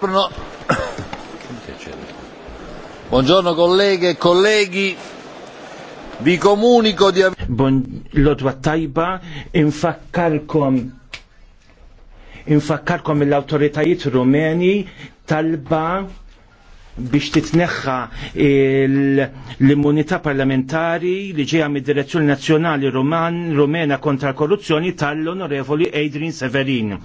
No. Buongiorno colleghe e colleghi. Vi comunico di aver... Bon, Lodwa tajba, infakkarkom infakkarkom l-autoritajiet rumeni talba biex titneħħa l-immunità parlamentari li ġeja mid direzzjoni Nazzjonali Ruman Rumena kontra korruzzjoni tal-Onorevoli Adrian Severin.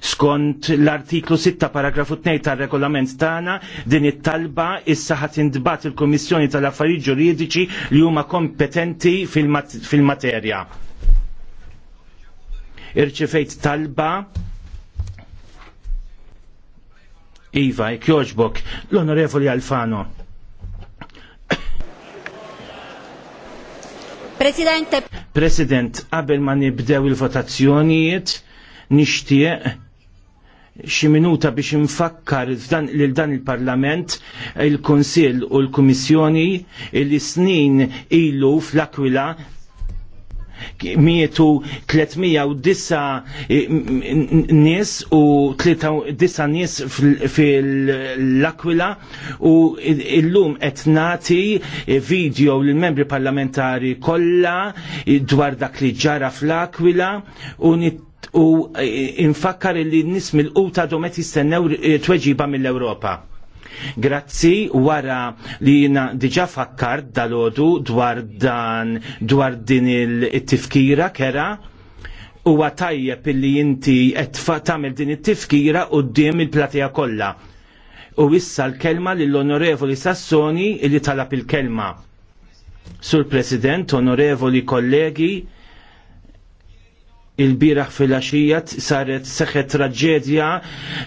Skont l-artiklu 6 paragrafu 2 tal-regolament tagħna din it-talba issa ħat indbat il-Kummissjoni tal-Affarijiet Ġuridiċi li huma kompetenti fil-materja. Irċifejt talba Iva, jogħġbok, l-Onorevoli Alfano. Presidente. President, qabel ma nibdew il-votazzjonijiet, nixtieq xi minuta biex infakkar lil dan il-Parlament, il-Kunsill u l-Kummissjoni il-snin ilu fl-Akwila mietu 309 nies u 39 nies fil-Aquila u illum qed nagħti video lill membri parlamentari kollha dwar dak li ġara fl-Aquila u u infakkar li n l mill-quta domet jistennew tweġiba mill-Ewropa. Grazzi wara li jina diġa fakkart dal-ħodu dwar dan dwar din il-tifkira kera huwa tajjeb illi inti qed tagħmel din it-tifkira quddiem il-platija kollha. U issa l-kelma lill-Onorevoli Sassoni li talab il-kelma. Sur President, onorevoli kollegi, il-biraħ fil-axija saret seħet traġedja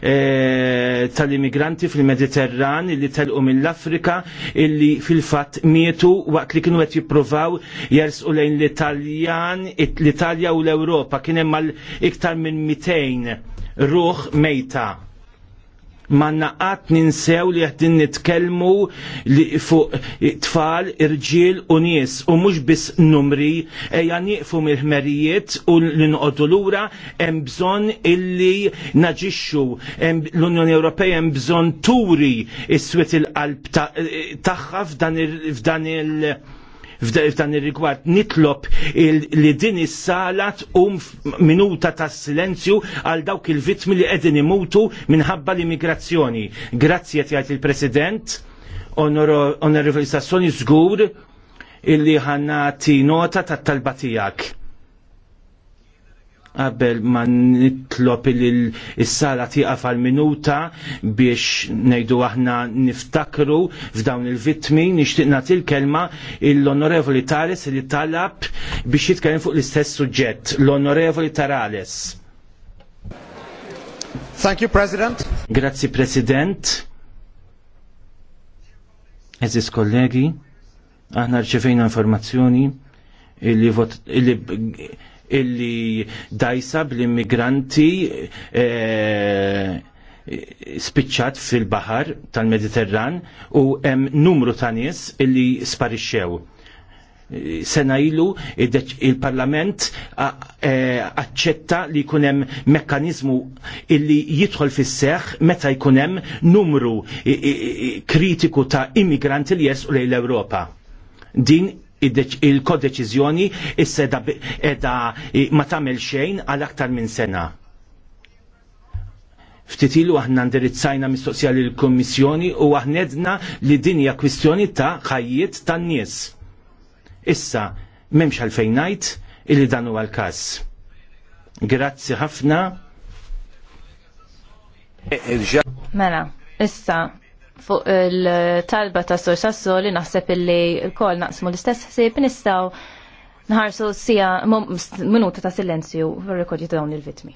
eh, tal-immigranti fil-Mediterran illi telqu mill-Afrika illi fil-fat mietu waqt li kienu qed jippruvaw jersu lejn l-Italjan, l-Italja u l-Ewropa kien hemm iktar minn 200 ruħ mejta ma naqat ninsew li jahdin nitkelmu fuq tfal, irġiel u nies u mhux biss numri eja nieqfu mill-ħmerijiet u l-inqodu lura hemm bżonn illi naġixxu l-Unjoni Ewropea hemm bżonn turi s-swet il-qalb tagħha f'dan il-, f'dan il f'dan ir-rigward nitlob li din is-sala tqum minuta ta' silenzju għal dawk il-vittmi li qegħdin imutu minħabba l-immigrazzjoni. Grazzi qed jgħid il-President, Onorevoli Sassoni żgur illi ħannati nota tat-talba tiegħek qabel ma nitlob il-sala tiqaf għal minuta biex nejdu aħna niftakru f'dawn il-vitmi nishtiqna til-kelma l-onorevoli Tales li talab biex jitkellem fuq l-istess suġġett l-onorevoli Tarales. Thank you, President. Grazzi, President. Eżis kollegi, aħna rċevejna informazzjoni illi, vot, illi illi dajsa bl-immigranti eh, spiċċat fil-bahar tal-Mediterran u hemm numru ta' nies illi sparixxew. Sena ilu il-Parlament eh, aċċetta li jkun hemm mekkaniżmu illi jidħol fis seħħ meta jkun hemm numru kritiku ta' immigranti li jesqu lejn l-Ewropa. Din il-kodeċizjoni issa edha ma tagħmel xejn għal aktar minn sena. Ftit ilu aħna ndirizzajna mistoqsija lill kummissjoni u aħnedna li din hija kwistjoni ta' ħajjiet tan-nies. Issa m'hemmx għalfejn ngħid illi dan huwa l-każ. Grazzi ħafna. E, e, mela, issa fuq il-talba ta' sor sasso li naħseb illi kol naqsmu l-istess ħsieb nistaw nħarsu sija minuta ta' silenzju fil-rekordju ta' dawn il-vitmi.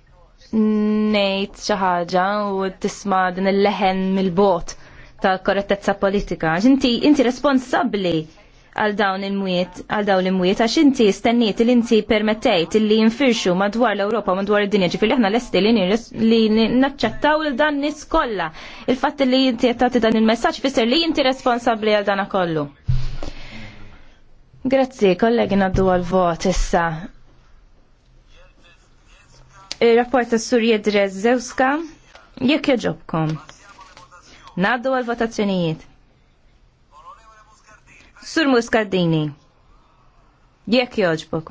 ngħid xi ħaġa u tisma' din il-leħen mill-bot tal-korrettezza politika. Ġinti, inti responsabbli għal dawn il-mwiet, għal dawn il-mwiet, għax inti stenniet li inti permettejt li jinfirxu madwar l-Europa, madwar id-dinja, ġifiri aħna l-esti li naċċettaw il dan nis kolla. Il-fatt li inti jattati dan il-messagġ fisser li inti responsabli għal dana kollu. Grazzi, kollegi naddu għal-vot issa. Rapporta Surje Drez Zewska, jekk joġobkom. Naddu għal-votazzjonijiet. Sur Muscardini, jek joġbok.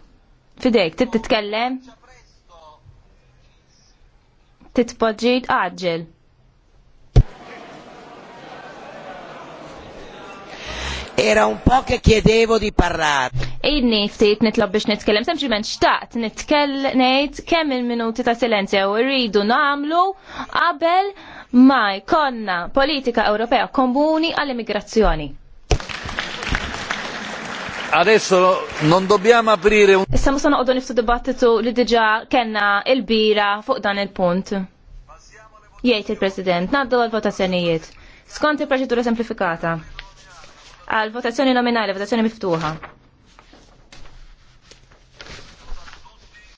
Fidejk, tib titkellem? Titpoġġid għagġel. Era un po' che chiedevo di parlare. Idni ftit nitlob biex nitkellem, sempliment xtaqt nitkell ngħid kemm il-minuti ta' silenzja u rridu nagħmlu qabel ma jkollna politika Ewropea komuni għall-immigrazzjoni. Adesso non dobbiamo aprire un... Issa musa noqogħdu niftu dibattitu li diġa' kellna il-bira fuq dan il-punt. Jgħid il-President, naddu għal-votazzjonijiet. Skont il-proċedura semplifikata. Għal-votazzjoni nominali, votazzjoni miftuħa.